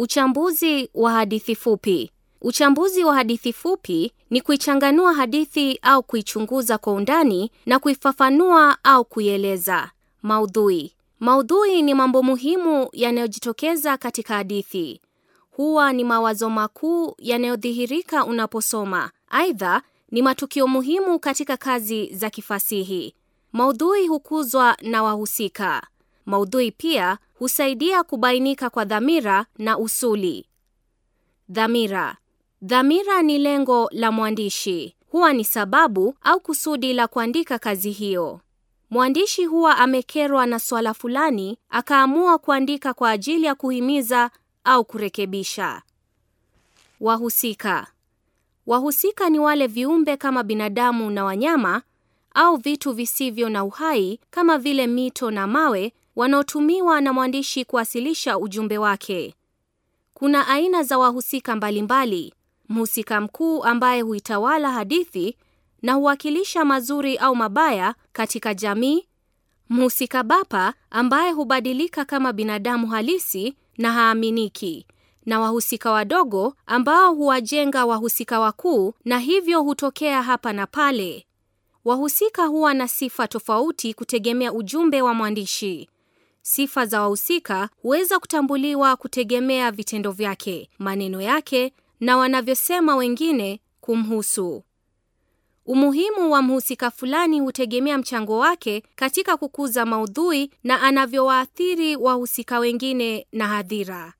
Uchambuzi wa hadithi fupi. Uchambuzi wa hadithi fupi ni kuichanganua hadithi au kuichunguza kwa undani na kuifafanua au kuieleza. Maudhui. Maudhui ni mambo muhimu yanayojitokeza katika hadithi. Huwa ni mawazo makuu yanayodhihirika unaposoma. Aidha, ni matukio muhimu katika kazi za kifasihi. Maudhui hukuzwa na wahusika. Maudhui pia husaidia kubainika kwa dhamira na usuli. Dhamira. Dhamira ni lengo la mwandishi, huwa ni sababu au kusudi la kuandika kazi hiyo. Mwandishi huwa amekerwa na swala fulani, akaamua kuandika kwa ajili ya kuhimiza au kurekebisha. Wahusika. Wahusika ni wale viumbe kama binadamu na wanyama au vitu visivyo na uhai kama vile mito na mawe wanaotumiwa na mwandishi kuwasilisha ujumbe wake. Kuna aina za wahusika mbalimbali, mhusika mkuu ambaye huitawala hadithi na huwakilisha mazuri au mabaya katika jamii, mhusika bapa ambaye hubadilika kama binadamu halisi na haaminiki, na wahusika wadogo ambao huwajenga wahusika wakuu na hivyo hutokea hapa na pale. Wahusika huwa na sifa tofauti kutegemea ujumbe wa mwandishi. Sifa za wahusika huweza kutambuliwa kutegemea vitendo vyake, maneno yake na wanavyosema wengine kumhusu. Umuhimu wa mhusika fulani hutegemea mchango wake katika kukuza maudhui na anavyowaathiri wahusika wengine na hadhira.